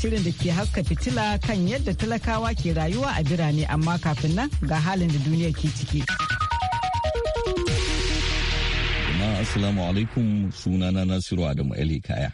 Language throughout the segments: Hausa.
shirin da ke haska fitila kan yadda talakawa ke rayuwa a birane amma kafin nan ga halin da duniya ke ciki. Assalamu alaikum sunana Nasiru Adamu Ali Kaya.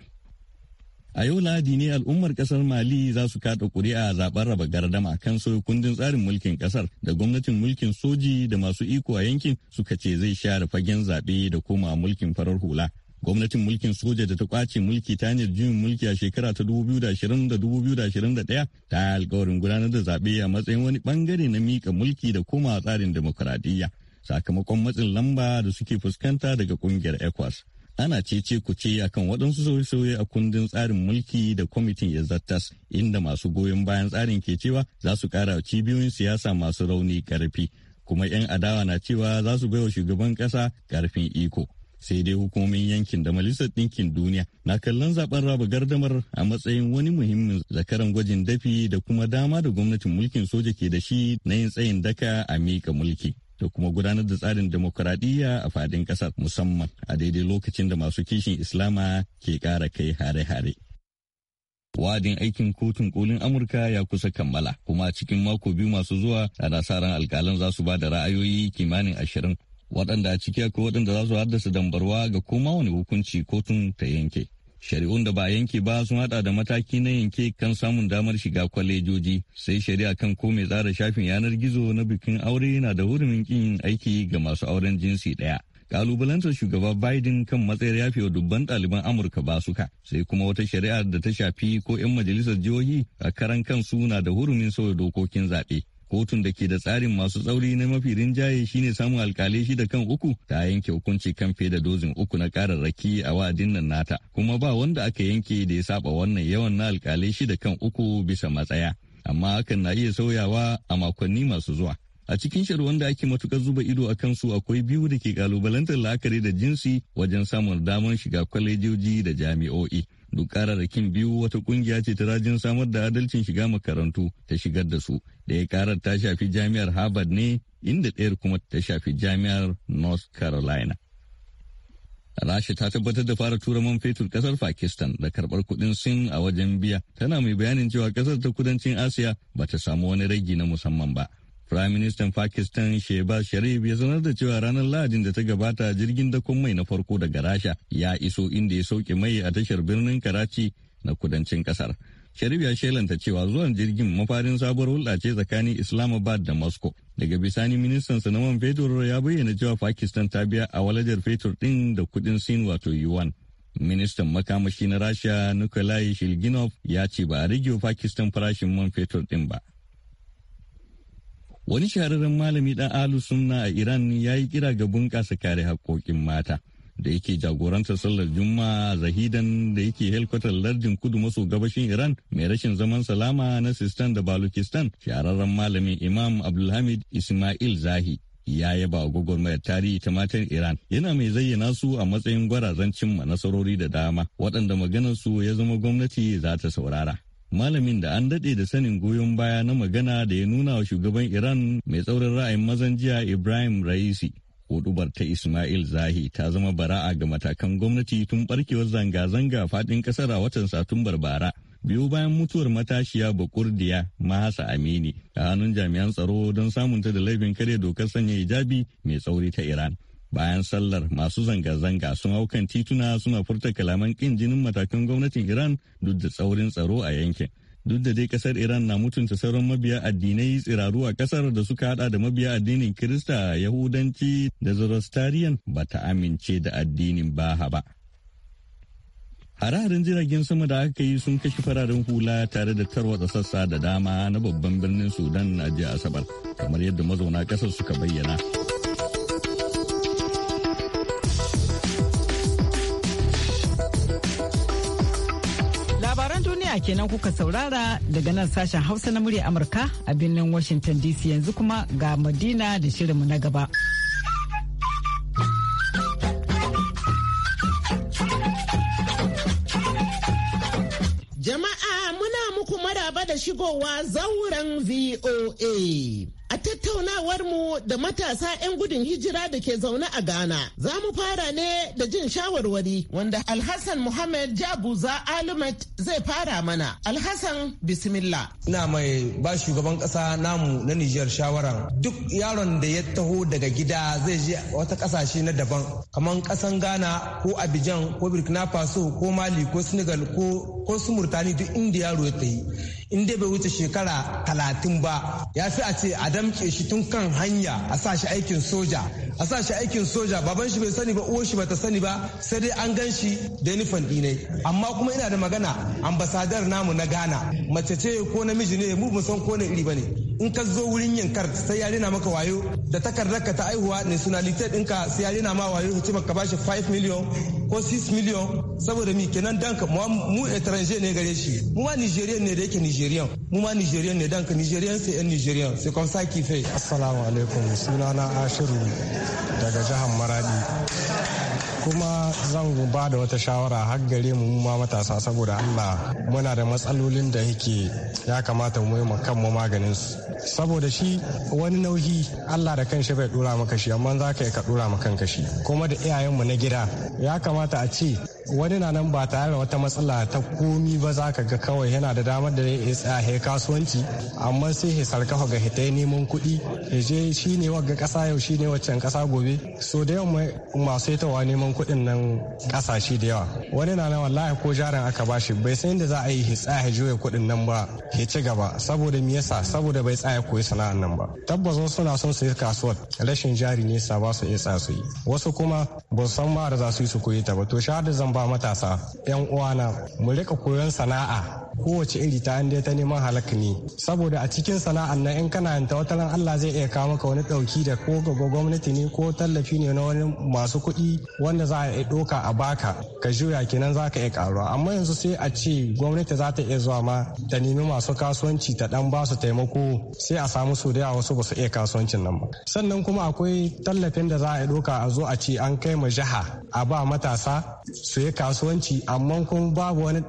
A yau ladi ne al'ummar kasar Mali za su kada kuri'a zaben raba gardama kan sauyi kundin tsarin mulkin kasar da gwamnatin mulkin soji da masu iko a yankin suka ce zai share fagen zaɓe da koma mulkin farar hula gwamnatin mulkin soja da ta kwace mulki ta hanyar juyin mulki a shekara ta 2020 da 2021 ta alkawarin gudanar da zaɓe a matsayin wani bangare na miƙa mulki da koma tsarin demokuraɗiyya sakamakon matsin lamba da suke fuskanta daga ƙungiyar ecowas ana cece ku ce akan waɗansu sauye-sauye a kundin tsarin mulki da kwamitin yazattas inda masu goyon bayan tsarin ke cewa za su ƙara cibiyoyin siyasa masu rauni ƙarfi kuma 'yan adawa na cewa za su baiwa shugaban ƙasa ƙarfin iko sai dai hukumomin yankin da majalisar ɗinkin duniya na kallon zaben raba gardamar a matsayin wani muhimmin zakaran gwajin dafi da kuma dama da gwamnatin mulkin soja ke da shi na yin tsayin daka a miƙa mulki da kuma gudanar da tsarin demokuraɗiyya a fadin ƙasar musamman a daidai lokacin da masu kishin islama ke ƙara kai hare-hare. wa'adin aikin kotun kolin amurka ya kusa kammala kuma cikin mako biyu masu zuwa ana sa ran alkalan za su ba da ra'ayoyi kimanin ashirin waɗanda a ciki akwai waɗanda za su haddasa dambarwa ga koma wani hukunci kotun ta yanke. Shari'un da ba yanke ba sun haɗa da mataki na yanke kan samun damar shiga kwalejoji sai shari'a kan ko mai tsara shafin yanar gizo na bikin aure na da hurumin kin aiki ga masu auren jinsi ɗaya. kalubalantar shugaba Biden kan matsayar yafewa dubban ɗaliban Amurka ba suka sai kuma wata shari'ar da ta shafi ko 'yan majalisar jihohi a karan kansu na da hurumin sauya dokokin zaɓe kotun da ke da tsarin masu tsauri na mafi rinjaye shine samun alkalai da kan uku ta yanke hukunci kan fiye da dozin uku na kararraki a wa'adin nan nata kuma ba wanda aka yanke da ya saba wannan yawan na alkalai da kan uku bisa matsaya amma hakan na iya sauyawa a makonni masu zuwa a cikin shirwan da ake matukar zuba ido a kansu akwai biyu da ke kalubalantar la'akari da jinsi wajen samun damar shiga kwalejoji da jami'o'i duk kararrakin biyu wata kungiya ce ta rajin samar da adalcin shiga makarantu ta shigar da su da ya karar ta shafi jami'ar harvard ne inda ɗayar kuma ta shafi jami'ar north carolina rasha ta tabbatar da fara tura man fetur kasar pakistan da karbar kudin sin a wajen biya tana mai bayanin cewa kasar ta kudancin asiya ba ta samu wani ragi na musamman ba Firaministan Pakistan Sheba Sharif ya sanar da cewa ranar Lahadin da ta gabata jirgin dakon mai na farko daga Rasha ya iso inda ya sauke mai a tashar birnin Karachi na kudancin kasar. Sharif ya shelanta cewa zuwan jirgin mafarin sabuwar hulɗa ce tsakanin Islamabad da Moscow. Daga bisani ministan na man fetur ya bayyana cewa Pakistan ta biya a walajar fetur ɗin da kuɗin Sin wato yuan. Ministan makamashi na Rasha Nikolai Shilginov ya ce ba a ragewa Pakistan farashin man fetur ɗin ba. Wani shahararren malami ɗan alu sunna a Iran ya yi kira ga bunƙasa kare haƙƙoƙin mata da yake jagorantar sallar Juma'a zahidan da yake helkwatar lardin kudu maso gabashin Iran mai rashin zaman salama na Sistan da Balukistan shahararren malamin Imam Abdulhamid Ismail Zahi ya yaba gwagwarmayar tarihi ta matan Iran yana mai zayyana su a matsayin gwarazan cimma nasarori da dama waɗanda maganarsu ya zama gwamnati za ta saurara. malamin da an daɗe da sanin goyon baya na magana da ya nuna wa shugaban Iran mai tsaurin ra'ayin mazan jiya Ibrahim Raisi. Hudubar ta Ismail Zahi ta zama bara'a ga matakan gwamnati tun barkewar zanga-zanga faɗin ƙasar a watan Satumbar bara. biyu bayan mutuwar matashiya bakurdiya mahasa amini a hannun jami'an tsaro don samunta da laifin kare dokar sanya hijabi mai tsauri ta iran bayan sallar masu zanga-zanga sun hau kan tituna suna furta kalaman kin jinin matakan gwamnatin iran duk da tsaurin tsaro a yankin duk da dai kasar iran na mutunta sauran mabiya addinai tsiraru a kasar da suka hada da mabiya addinin kirista yahudanci da zoroastrian ba ta amince da addinin baha ba hare-haren jiragen sama da aka yi sun kashe fararen hula tare da tarwatsa sassa da dama na babban birnin sudan a jiya asabar kamar yadda mazauna kasar suka bayyana kenan kuka saurara daga nan sashen Hausa na murya Amurka a birnin Washington DC yanzu kuma ga Madina da shirinmu na gaba. Jama'a muna muku maraba da shigowa zauren VOA. tattaunawar mu da matasa 'yan gudun hijira da ke zaune a Ghana. Za mu fara ne da jin shawarwari wanda Alhassan Muhammad Jabuza Alimat zai fara mana. Alhassan Bismillah. Ina mai ba shugaban kasa namu na Nijar shawaran duk yaron da ya taho daga gida zai je wata kasashe na daban kamar kasan Ghana ko Abidjan ko Burkina Faso ko Mali ko Senegal ko ko su Murtani duk inda yaro ya yi. in dai bai wuce shekara talatin ba ya fi a ce a damke shi tun kan hanya a sa shi aikin soja a sa shi aikin soja baban shi bai sani ba uwar shi bata sani ba sai dai an gan shi da nufan dinai amma kuma ina da magana ambasadar namu na ghana mace ce ko namiji ne mu san ko ne iri ba ne in ka zo wurin yankar sai ya rena maka wayo da takardar ka ta aihuwa ne nationality ɗinka sai ya rena ma wayo ce maka shi 5 million ko 6 million saboda mi kenan danka mu etranger ne gare shi mu ma nigerian ne da yake Nigerian mu ma Nigerian ne danka Nigerian sai yan Nigerian sai comme sa qui fait assalamu alaikum sunana Ashiru daga jihar Maradi kuma zan ba da wata shawara har gare mu ma matasa saboda Allah muna da matsalolin da yake ya kamata mu yi kanmu maganin su saboda shi wani nauyi Allah da kanshi bai dora maka shi amma za ka yi ka dora maka kanka shi kuma da iyayen mu na gida ya kamata a ce wani na nan ba tare da wata matsala ta komi ba za ka ga kawai yana da damar da ya tsaya kasuwanci amma sai ya sarkafa ga hita neman kuɗi ya je shi ne ga ƙasa yau shi ne waccan ƙasa gobe so da yawan masu tawa neman kuɗin nan ƙasashe da yawa wani na nan wallahi ko jarin aka bashi bai san inda za a yi ya tsaya juya kuɗin nan ba ya ci gaba saboda me yasa saboda bai tsaya koyi sana'an nan ba tabbas wasu na son su yi kasuwar rashin jari ne sa ba su iya tsaya su yi wasu kuma ba su san ma da za su yi su koyi ta ba to shahada zan ba matasa yan uwana mu rika koyon sana'a kowace iri ta inda ta neman halak ne saboda a cikin sana'a na in kana yanta wata nan Allah zai iya kawo maka wani dauki da ko ga gwamnati ne ko tallafi ne na wani masu kuɗi wanda za a iya doka a baka ka juya kenan za ka iya karuwa amma yanzu sai a ce gwamnati za ta iya zuwa ma ta nemi masu kasuwanci ta dan ba su taimako sai a samu su da yawa wasu ba su iya kasuwancin nan ba sannan kuma akwai tallafin da za a iya doka a zo a ce an kai ma jiha a ba matasa su yi kasuwanci amma kuma babu wani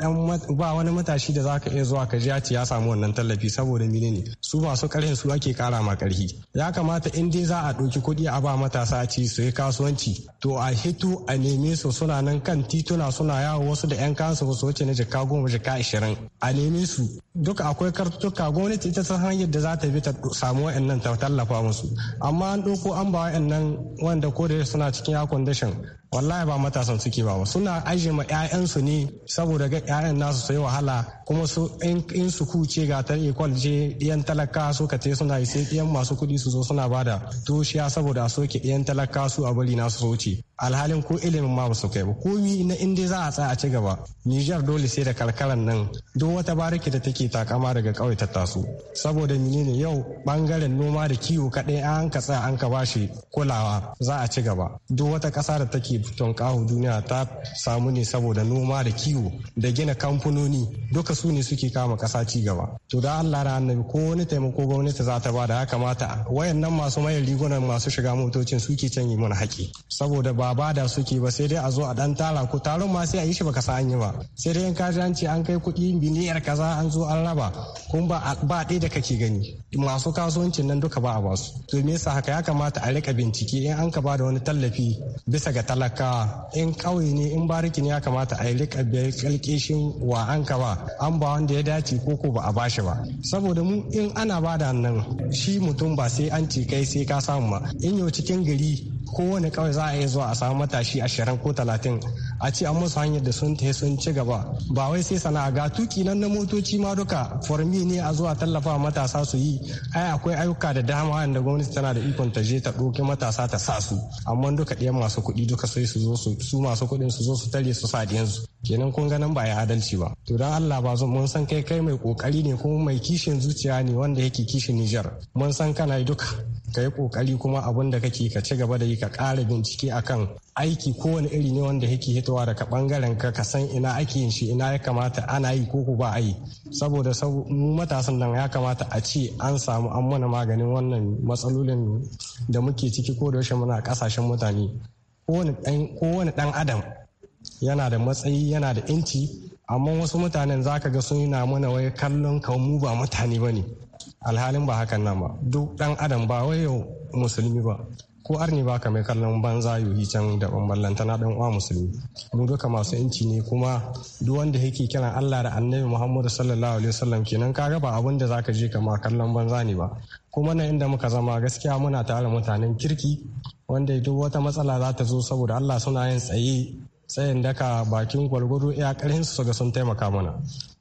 ba wani matashi da zaka iya zuwa ka ji ya samu wannan tallafi saboda ne su masu karhin su ake kara ma karhi ya kamata in dai za a ɗauki kuɗi a ba matasa ci su yi kasuwanci to a hito a neme su suna nan kan tituna suna yawo wasu da yan kansu wasu wace na jaka goma jaka ashirin a neme su duka akwai kartuka gwamnati ita san hanyar da za ta bi ta samu wa'annan ta tallafa musu amma an ɗauko an ba wa'annan wanda ko da suna cikin ya kwandashin wallahi ba matasan suke ba suna aje ma 'ya'yansu ne saboda ga 'ya'yan nasu su yi wahala kuma su in su kuce ga ta ekwal je ɗiyan talaka su ka te suna sai ɗiyan masu kuɗi su zo suna bada tushiya saboda a soke ɗiyan talaka su a bari nasu su alhalin ko ilimin ma su kai ba komi na inda za a tsaya a ci gaba Nijar dole sai da karkaran nan duk wata bariki da take takama daga kauye ta taso saboda menene yau bangaren noma da kiwo kadai an ka tsaya an ka bashi kulawa za a ci gaba duk wata kasa da take fiton kahu duniya ta samu ne saboda noma da kiwo da gina kamfanoni duka su ne suke kama kasa ci gaba to da Allah da annabi ko wani taimako gwamnati za ta bada ya kamata wayannan masu mayan rigunan masu shiga motocin suke canyi mana haƙi saboda ba ba da suke ba sai dai a zo a dan tara ku taron ma sai a yi shi baka sa an yi ba sai dai in ka ji an ce an kai kuɗi miliyar kaza an zo an raba kun ba ba ɗaya da kake gani masu kasuwancin nan duka ba a ba su to me yasa haka ya kamata a rika bincike in an ka ba da wani tallafi bisa ga talakawa in ƙauye ne in bariki ne ya kamata a rika kalkeshin wa an ka ba an ba wanda ya dace ko ko ba a ba shi ba saboda mu in ana ba da nan shi mutum ba sai an ce kai sai ka samu ba in yau cikin gari kowane kawai za a iya zuwa a samu matashi ashirin ko talatin a ce an musu hanyar da sun tafi sun ci gaba ba wai sai sana'a ga tuki nan na motoci ma duka formi ne a zuwa tallafa matasa su yi ai akwai ayyuka da dama wanda gwamnati tana da ikon ta je ta ɗauki matasa ta sa su amma duka ɗaya masu kuɗi duka sai su zo su masu kuɗin su zo su tare su sa su kenan kun ganin ba ya adalci ba to dan Allah ba mun san kai kai mai kokari ne kuma mai kishin zuciya ne wanda yake kishin Nijar mun san kana duka ka yi kokari kuma abin da kake ka ci gaba da yi ka ƙara bincike akan aiki kowane iri ne wanda yake hitowa daga bangaren ka ka san ina ake yin shi ina ya kamata ana yi ko ba a yi saboda mu matasan nan ya kamata a ce an samu an mana maganin wannan matsalolin da muke ciki ko da yaushe muna kasashen mutane kowane dan adam yana da matsayi yana da inci amma wasu mutanen za ka ga sun na mana wai kallon kawo mu ba mutane ba ne alhalin ba hakan nan ba duk dan adam ba wai yau musulmi ba ko arni ba ka mai kallon banza yohi can da ballanta na dan uwa musulmi mu duka masu inci ne kuma duk wanda yake kiran Allah da Annabi Muhammadu sallallahu alaihi wasallam kenan kaga ba abin da zaka je kama kallon banza ne ba kuma nan inda muka zama gaskiya muna tare mutanen kirki wanda duk wata matsala za ta zo saboda Allah suna yin tsaye sai daka bakin gwargwaro iya karhin su ga sun taimaka mana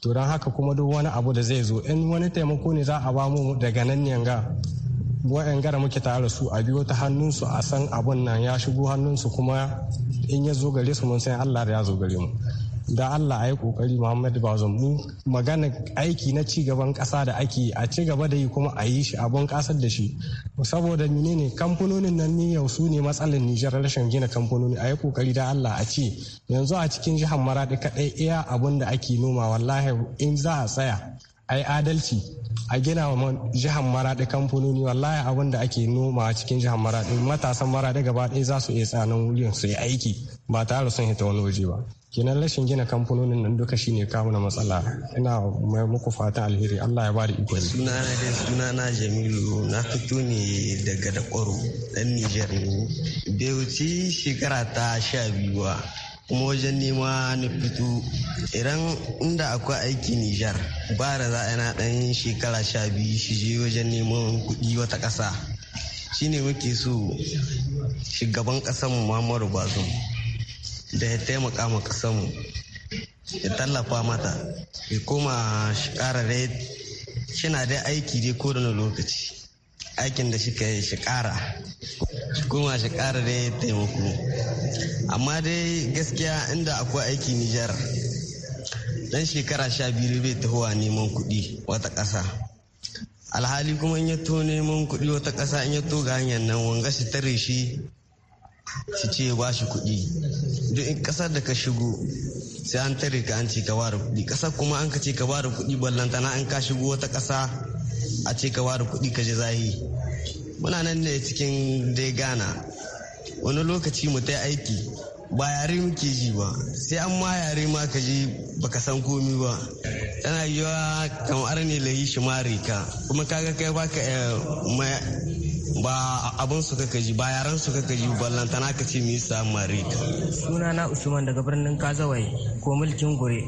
to don haka kuma duk wani abu da zai zo in wani taimako ne za a ba mu daga nan ne ga wa'yan gara muke tare da su a biyo ta hannunsu a san abun nan ya shigo hannunsu kuma in ya zo gare su mun san Allah da ya zo gare mu da Allah ya kokari Muhammadu Bazum mu magana aiki na ci gaban kasa da ake a ci gaba da yi kuma a yi shi a kasar da shi saboda ne kamfanonin nan ne yau su ne matsalar Nijar rashin gina kamfanoni a yi kokari da Allah a ce yanzu a cikin jihar Maradi kadai iya abun da ake noma wallahi in za a tsaya ai adalci a gina wa jihar maradi kamfanoni wallahi abin da ake noma a cikin jihar maradi matasan maradi gaba ɗaya za su iya tsanan wuri su yi aiki ba tare sun hita wani waje ba kenan rashin gina kamfanonin nan duka shine kawo na matsala ina mai muku fatan alheri Allah ya bari iko suna na suna na Jamilu na fito ne daga da kwaro dan Niger ne bai wuce shekara ta sha biyu kuma wajen nema na fito idan inda akwai aiki Nijar ba da za a yana ɗan shekara sha biyu shi je wajen neman kuɗi wata ƙasa shine muke so shugaban ƙasar Muhammadu Bazum da ya taimaka ma kasanmu ya tallafa mata ya koma shi ƙara dai shina dai aiki dai ko da lokaci aikin da ka yi shi ƙara shi koma shi ƙara dai taimako amma dai gaskiya inda akwai aiki nijar dan shekara sha biyu bai tahowa neman kuɗi wata ƙasa alhali kuma in ya to neman kuɗi wata ƙasa in ya to ga hanyar nan wanga shi tare shi su ce ba shi kuɗi duk in ƙasar da ka shigo sai an tare ka an ce ka ware kuɗi ƙasar kuma an ka ce ka ware kuɗi ballantana an ka shigo wata ƙasa a ce ka ware kuɗi ka je zahi muna nan ne cikin dai gana wani lokaci mu ta aiki ba yare muke ji ba sai an ma yare ma ka ji ka san komi ba tana yiwa kamar ne lahi shi ka kuma kaga kai baka eh, ba abin su kaka ji ba yaran su kaka ji ballantana ka ce misa mari suna na usman daga birnin kazawai ko mulkin gure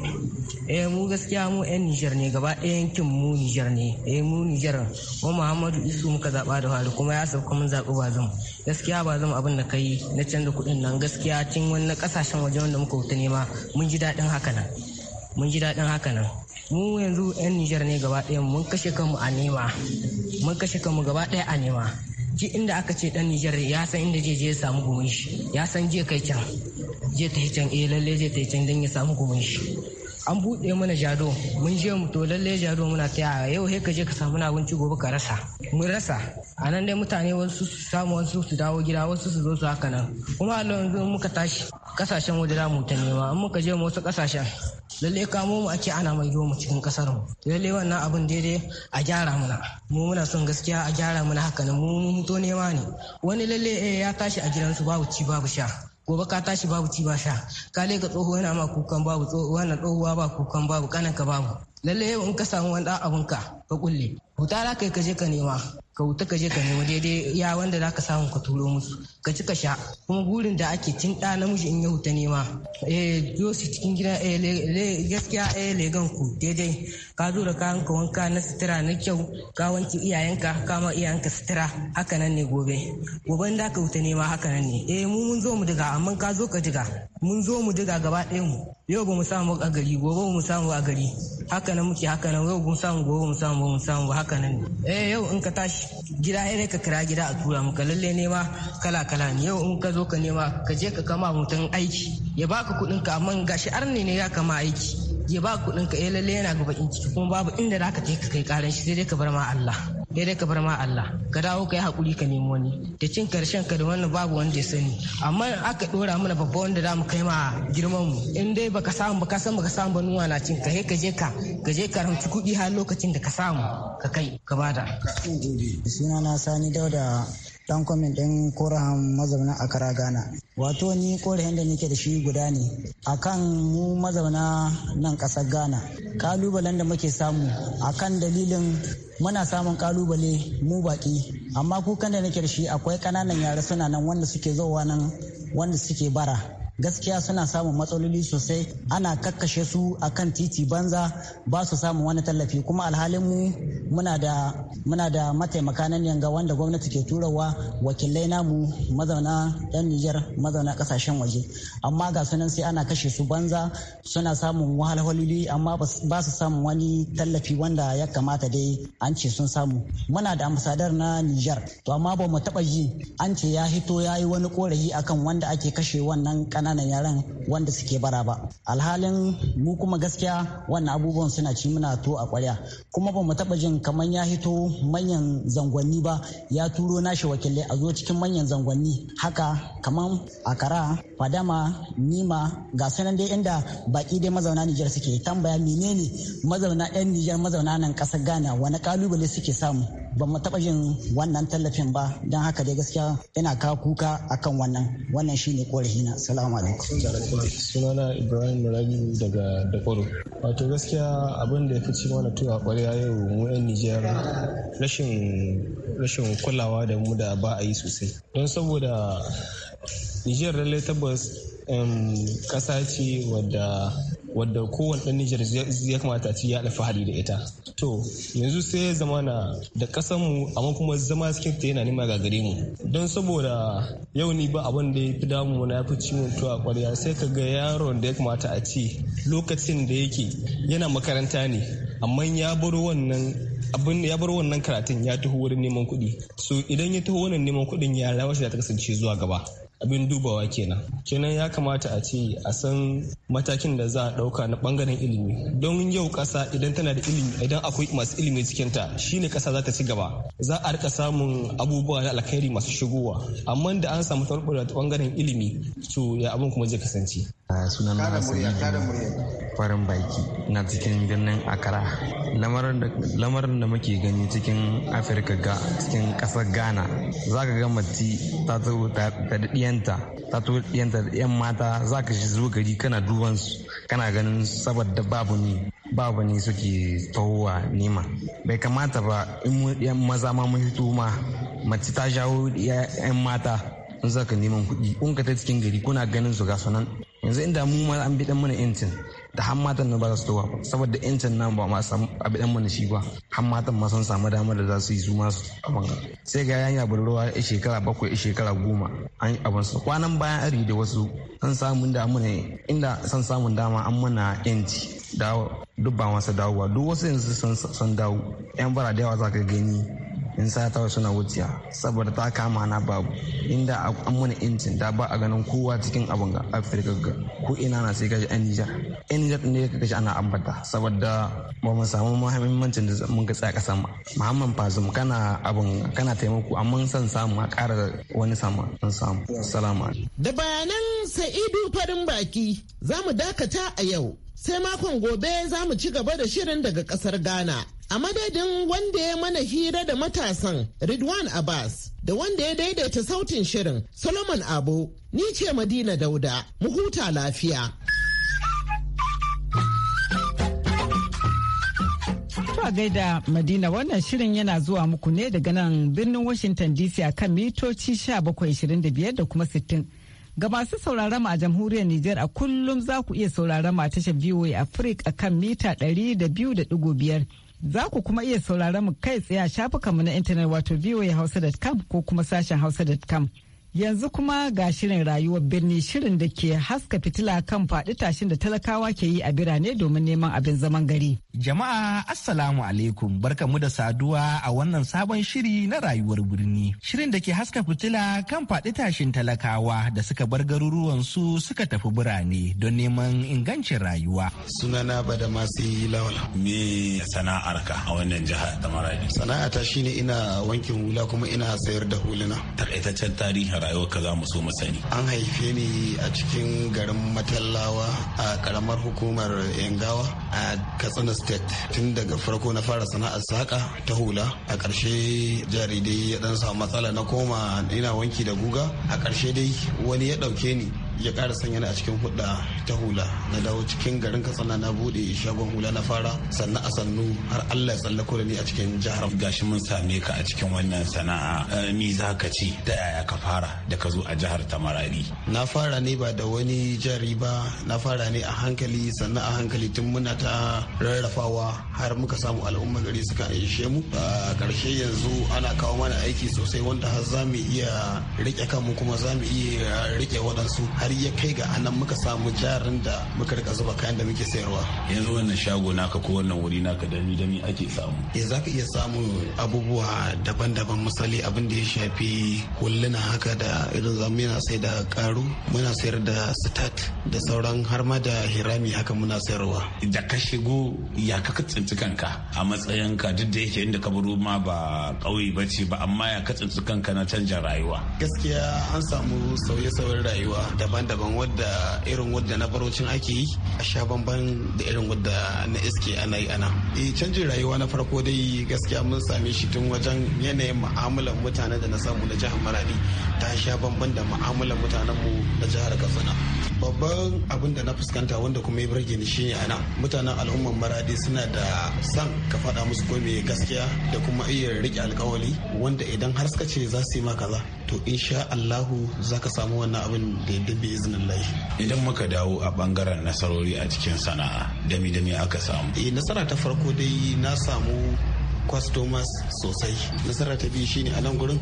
eh mu gaskiya mu yan nijar ne gaba ɗaya kin mu nijar ne eh mu nijar mu muhammadu isu muka zaba da hali kuma ya sauka mun zaɓi zan gaskiya zan abin da kai na canza kuɗin nan gaskiya tun wani kasashen waje wanda muka wuta nema mun ji daɗin haka nan mun ji daɗin haka nan mu yanzu 'yan nijar ne gaba ɗaya mun kashe kanmu a nema mun kashe kanmu gaba ɗaya a nema duk inda aka ce dan Nijar ya san inda je je ya samu gumin shi ya san je kai can je ta can eh lalle je ta can dan ya samu gumin shi an buɗe mana jado mun je mu to lalle jado muna ta yau he ka je ka samu abinci gobe ka rasa mun rasa a nan dai mutane wasu su samu wasu su dawo gida wasu su zo su haka nan kuma a yanzu muka tashi kasashen waje za mu ta nema an muka je mu wasu kasashen lalle kamo mu ake ana mai mu cikin kasar mu lalle wannan abun daidai a gyara muna mu muna son gaskiya a gyara muna haka nan mu mun to nema ne wani lalle eh, ya tashi a gidansu babu ci babu sha gobe ka tashi babu ci ba sha ka ga tsoho yana ma kukan babu wannan tsohuwa ba kukan babu kananka babu lalle yau in ka samu wani abun ka ka kulle wuta za ka yi ka je ka nema ka wuta ka je ka nema daidai ya wanda za ka samu ka turo musu ka ci ka sha kuma burin da ake tun ɗa namiji in ya wuta nema eh su cikin gida eh gaskiya eh legan ku daidai ka zo da kayan ka wanka na sutura na kyau ka wanke iyayenka ka ma iyayenka sutura haka nan ne gobe gobe da ka wuta nema haka nan ne eh mu mun zo mu diga amma ka zo ka diga mun zo mu diga gaba ɗaya mu yau ba mu samu a gari gobe ba mu samu a gari haka nan muke haka nan yau mu samu gobe mu samu mu samu haka nan ne eh yau in ka tashi gida eh ka kira gida a tura muka lalle nema kala kala ne yau in ka zo ka nema ka je ka kama mutum aiki ya baka kuɗin ka amma gashi arne ne ya kama aiki ya ba kuɗin ka eh lalle yana gaba bakin ciki kuma babu inda za ka je ka kai karan shi sai dai ka bar ma Allah sai dai ka bar ma Allah ka dawo ka yi hakuri ka nemi wani da cin karshen ka da wannan babu wanda ya sani amma aka dora mana babba wanda za mu kai ma girman mu in dai baka samu baka san baka samu ba nuwa na cin ka ka je ka ka je ka rantsu kuɗi har lokacin da ka samu ka kai ka bada. sunana sani dauda dan kwamin din koraham mazauna akara ghana wato ni korahin da nake da shi guda ne a kan mu mazauna nan ƙasar ghana kalubalen da muke samu a kan dalilin muna samun kalubale mu baki amma kukan da nake da shi akwai ƙananan yara suna nan wanda suke zowa nan wanda suke bara gaskiya suna samun matsaloli sosai ana kakkashe su akan titi banza ba su samun wani tallafi kuma alhalin mu muna da mataimaka nan yanga wanda gwamnati ke turawa wakilai namu mazauna yan Nijar mazauna kasashen waje amma ga sunan sai ana kashe su banza suna samun wahalhaloli amma ba su samun wani tallafi wanda ya kamata dai an ce sun samu muna da ambasadar na Nijar to amma ba mu taba ji an ce ya hito ya yi wani korafi akan wanda ake kashe wannan ƙananan yaran wanda suke bara ba alhalin mu kuma gaskiya wannan abubuwan suna ci muna to a kwarya kuma ba mu taɓa jin kamar ya hito manyan zangwanni ba ya turo nashi wakilai a zo cikin manyan zangwanni haka kamar akara fadama nima ga sunan dai inda baƙi dai mazauna nijar suke tambaya menene mazauna yan nijar mazauna nan ƙasar ghana wani kalubale suke samu ba mu taɓa jin wannan tallafin ba don haka dai gaskiya yana kawo kuka akan wannan wannan shine na salamu sunana ibrahim rabiu daga dakoro wato gaskiya abin da ya fi ci mana tuwa ƙwarya yau mu yan nijar rashin kulawa da mu da ba a yi sosai don saboda nijar lallai tabbas kasa ce wadda wadda kowane ɗan Nijar ya kamata ci ya hali da ita. To yanzu sai ya zama na da ƙasar mu amma kuma zama cikin ta yana nema gagare mu. Don saboda yau ni ba abin da ya fi damu na ya fi ciwon tuwa ƙwarya sai ka ga yaron da ya kamata a ci lokacin da yake yana makaranta ne amma ya bar wannan abin ya bar wannan karatun ya taho wurin neman kuɗi so idan ya taho wannan neman kuɗin ya rawa shi ta kasance zuwa gaba abin dubawa kenan kenan ya kamata a ce a san matakin da za a ɗauka na bangaren ilimi don yau kasa idan tana da ilimi idan akwai masu ilimi cikinta shine kasa za ta ci gaba za a rika samun abubuwa na alkhairi masu shigowa amma da an samu tarbar da ɓangaren ilimi to ya abin kuma zai kasance sunan farin baki na cikin birnin akara lamarin da muke gani cikin afirka ga cikin kasar ghana za ka ga mace ta zo ta daɗiya ɗiyanta ta da yan mata za ka shi zo gari kana duban su kana ganin saboda babu ni babu ni suke tawowa nema bai kamata ba in yan maza ma mun fito ma mace ta shawo yan mata in za ka neman kuɗi kun ka ta cikin gari kuna ganin su ga yanzu inda mu ma an bi mana yancin da har matan nan ba za su dawa ba saboda yancin nan ba ma samu abin mu da shi ba har matan ma sun samu damar da za su yi su ma su abin sai ga yanya burruwa a shekara bakwai a shekara goma an abin su kwanan bayan ari da wasu san samun da ne inda san samun dama an mana yanci dawo duk ba masa dawowa duk wasu yanzu sun dawo yan bara da yawa za ka gani in wasu suna wuciya saboda ta kama na babu inda an mana incin da ba a ganin kowa cikin abin ga afirka ga ko ina na sai kaji yan nijar yan nijar ne ka kashi ana ambata saboda ba mu samu muhimmancin da mun ga tsaya kasa ma muhammad fazum kana abin kana taimako amma san samu a kara wani samu an samu salama da bayanan sa'idu farin baki za mu dakata a yau sai makon gobe za mu ci gaba da shirin daga kasar ghana a madadin wanda ya mana hira da matasan Ridwan Abbas da wanda ya daidaita sautin shirin Solomon Abu ni ce Madina Dauda mu huta lafiya. To gaida Madina wannan shirin yana zuwa muku ne daga nan birnin Washington DC a kan mitoci 1725 da kuma 60. Ga masu sauraron a jamhuriyar Nijar a kullum za ku iya sauraron a tashar VOA Africa a kan mita 200.5. Za ku kuma iya sauraron mu kai tsaye a shafukanmu na intanet wato voahausa.com ko kuma sashen hausa.com. Yanzu kuma ga shirin rayuwar birni shirin da ke haska fitila kan faɗi tashin da talakawa ke yi a birane domin neman abin zaman gari. Jama'a Assalamu alaikum barkamu da saduwa a wannan sabon shiri na rayuwar birni. Shirin da ke haska fitila kan faɗi tashin talakawa da suka bar garuruwan su suka tafi birane don neman ingancin rayuwa. Sunana Bada Masu Lawala. Me sana'arka a wannan jiha ta Maradi? Sana'ata shine ina wankin hula kuma ina sayar da huluna. Takaitaccen tarihi a rayuwarka za mu so mu sani. An haife ni a cikin garin Matallawa a karamar hukumar Yangawa a Katsina State. Tun daga farko na fara sana'ar saƙa ta hula a ƙarshe jari dai ya dan samu matsala na koma ina wanki da guga a ƙarshe dai wani ya ɗauke ni ya kara sanya ni a cikin hudda ta hula na dawo cikin garin katsina na buɗe shagon hula na fara sannan a sannu har allah ya tsallako da ni a cikin jihar gashi mun same ka a cikin wannan sana'a ni eh, za ka ci ta yaya ka fara da ka zo a jihar ta na fara ne ba da wani jari ba na fara ne a hankali sannan a hankali tun muna ta rarrafawa har muka samu al'umma gari suka aishe mu a ƙarshe yanzu ana kawo mana aiki sosai wanda har za mu iya rike kanmu kuma za mu iya riƙe waɗansu har har ya kai ga anan muka samu jarin da muka rika zuba kayan da muke sayarwa yanzu wannan shago naka ko wannan wuri naka da ni da ake samu eh zaka iya samu abubuwa daban-daban misali abin da ya shafi hulluna haka da irin zamu yana sai da karu muna sayar da stat da sauran har ma da hirami haka muna sayarwa da ka shigo ya ka tsinci kanka a matsayinka duk da yake inda ka buru ma ba kauye ba ce ba amma ya ka kanka na canja rayuwa gaskiya an samu sauye-sauyen rayuwa daban daban-daban wadda irin wadda na barocin ake yi a sha bamban da irin wadda na iske ana yi ana e eh, canjin rayuwa na farko dai gaskiya mun same shi tun wajen yanayin mu'amalar mutanen da na samu na jihar maradi ta sha bamban da mu'amalar mutanen mu na jihar katsina babban abin da na fuskanta wanda kuma ya burge ni shine ana mutanen al'ummar maradi suna da san ka faɗa musu komai gaskiya da kuma iya rike alkawali wanda idan har suka ce za su yi ma kaza to insha Allahu za ka samu wannan abin da ya dabe izinin Idan muka dawo a bangaren nasarori a cikin sana'a dami dami aka samu. Eh nasara ta farko dai na samu customers sosai nasara ta biyu shine a nan gurin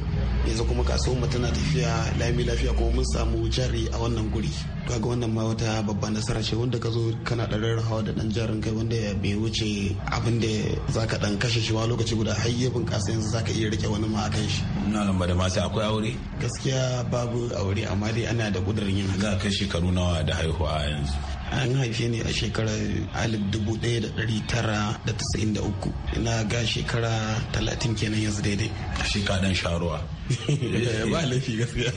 yanzu kuma kasuwar mu tana tafiya lami lafiya kuma mun samu jari a wannan guri kaga wannan ma wata babban nasara ce wanda ka zo kana da rarrahawa da dan jarin kai wanda ya bai wuce abin da zaka dan kashe shi wa lokaci guda har ya kasa yanzu zaka iya rike wani ma akan shi Ina lamba da mata akwai aure gaskiya babu aure amma dai ana da kudirin yin haka kai shekaru nawa da haihuwa yanzu an haife ni a shekarar uku ina ga shekara talatin kenan yanzu daidai A ka sharuwa ba laifi gaskiya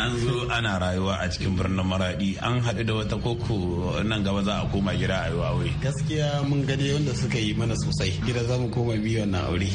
an zo ana rayuwa a cikin birnin maradi an haɗu da wata koko nan gaba za a koma gida a yi wawe gaskiya mun gade wanda suka yi mana sosai gida za mu koma biyu na aure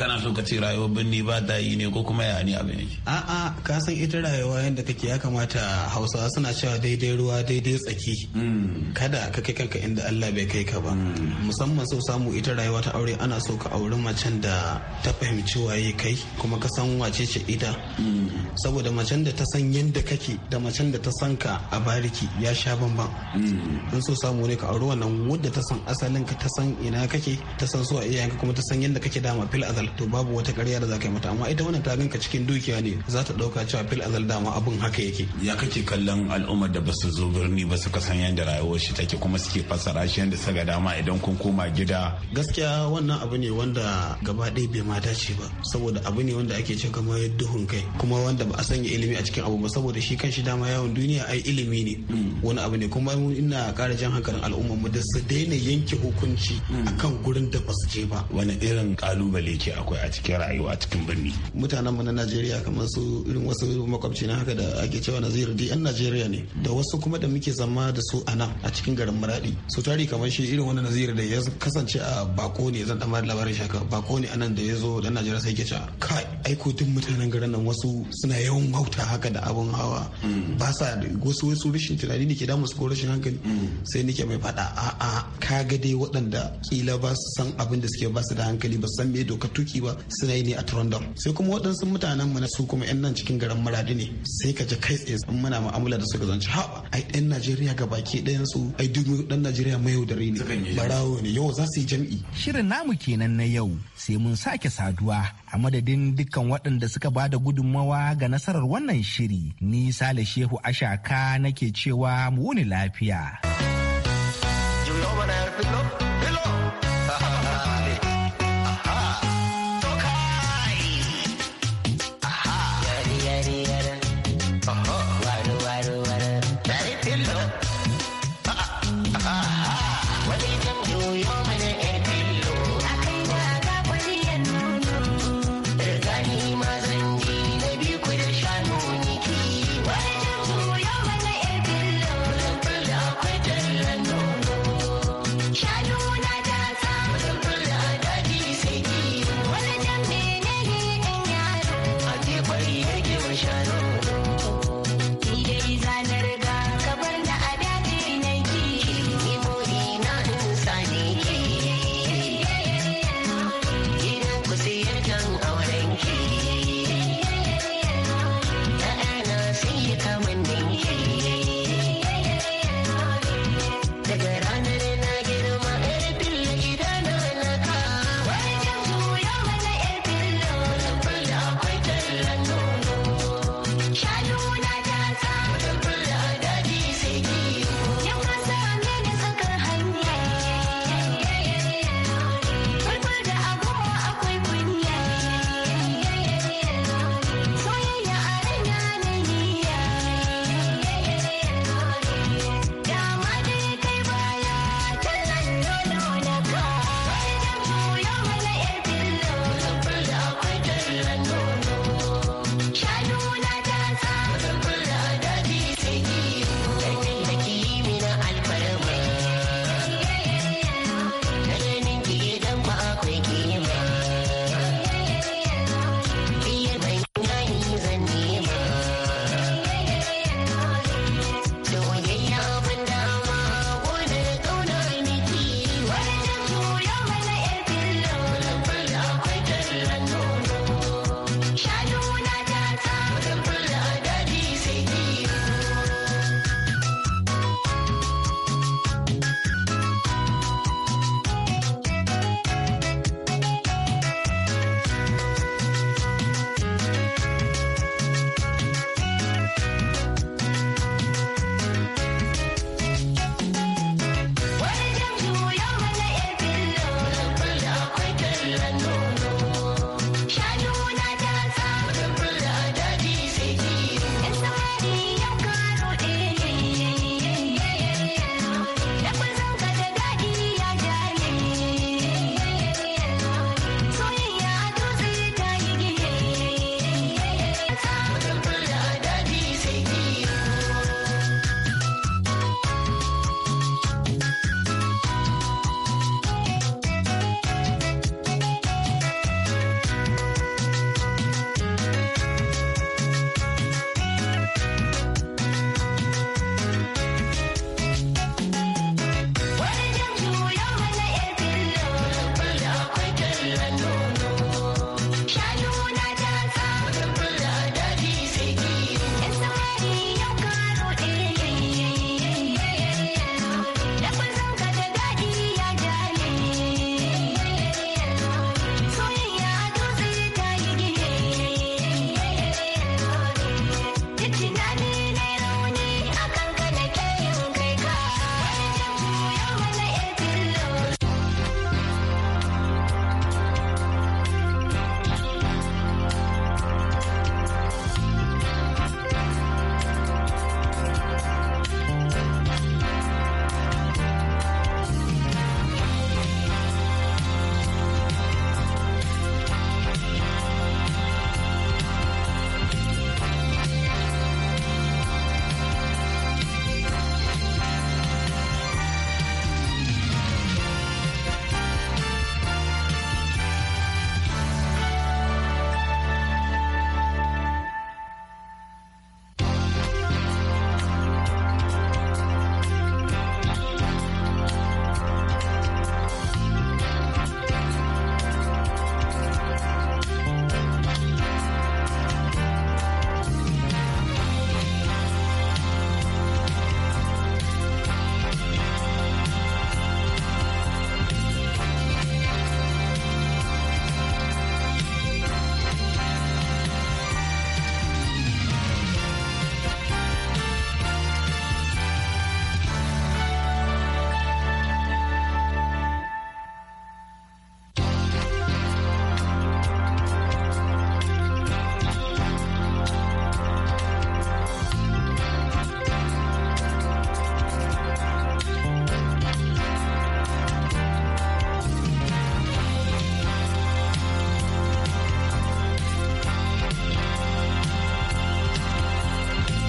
kana so ka ce rayuwar birni ba ta yi ne ko kuma ya ne abin a ka san ita rayuwa yadda kake ya kamata hausawa suna cewa daidai ruwa daidai tsaki hmm. kada ka kai kanka inda Allah bai kai ka ba hmm. musamman so samu ita rayuwa ta aure ana so ka auri macen da ta fahimci waye kai kuma ka san wa. mace ce ita mm. saboda macen da ta san yadda kake da macen da ta san ka a bariki ya sha bamban mm. in so samu ne ka auri wannan wadda ta san asalin ka ta san ina kake ta san so a iyayenka kuma ta san yadda kake dama fil azal to babu wata karya da za ka yi mata amma ita wannan ta ganka cikin dukiya ne za ta ɗauka cewa fil azal dama abun haka yake ya kake kallon al'ummar da basu zo birni ba ka san yadda rayuwar shi take kuma suke fassara shi yadda suka dama idan kun koma gida gaskiya wannan abu ne wanda gaba ɗaya bai ma dace ba saboda abu ne wanda ake cewa kamar duhun kai kuma wanda ba a sanya ilimi a cikin abu ba saboda shi kan shi dama yawon duniya ai ilimi ne wani abu ne kuma ina kara jan hankalin al'umma mu da su daina yanke hukunci akan gurin da ba su je ba wani irin kalubale ke akwai a cikin rayuwa cikin birni mutanen mu na Najeriya kamar su irin wasu makwabci na haka da ake cewa Naziru dai yan Najeriya ne da wasu kuma da muke zama da su a nan a cikin garin Maradi su tari kamar shi irin wani Naziru da ya kasance a bako ne zan dan labarin shaka bako ne anan da ya zo dan Najeriya sai ke cewa kai aiko yawancin mutanen garin nan wasu suna yawan bauta haka da abun hawa mm. ba sa wasu wasu rashin tunani ne ke damu su ko rashin hankali mm. sai nake mai faɗa a a ka ga dai waɗanda kila ba su san abin da suke ba su da hankali ba san me doka tuki ba suna yi ne a turandam sai kuma waɗansu mutanen mu na su kuma yan nan cikin garin maradi ne sai ka ji kai tsaye in muna mu'amala da suka zance ha ai ɗan Najeriya ga baki ɗayan su ai duk ɗan Najeriya mai yaudare ne barawo ne yau za su yi jam'i shirin namu kenan na yau sai mun sake saduwa a madadin dukkan waɗanda waɗanda suka ba da gudunmawa ga nasarar wannan shiri. Ni Sale Shehu Ashaka nake cewa mu wuni lafiya.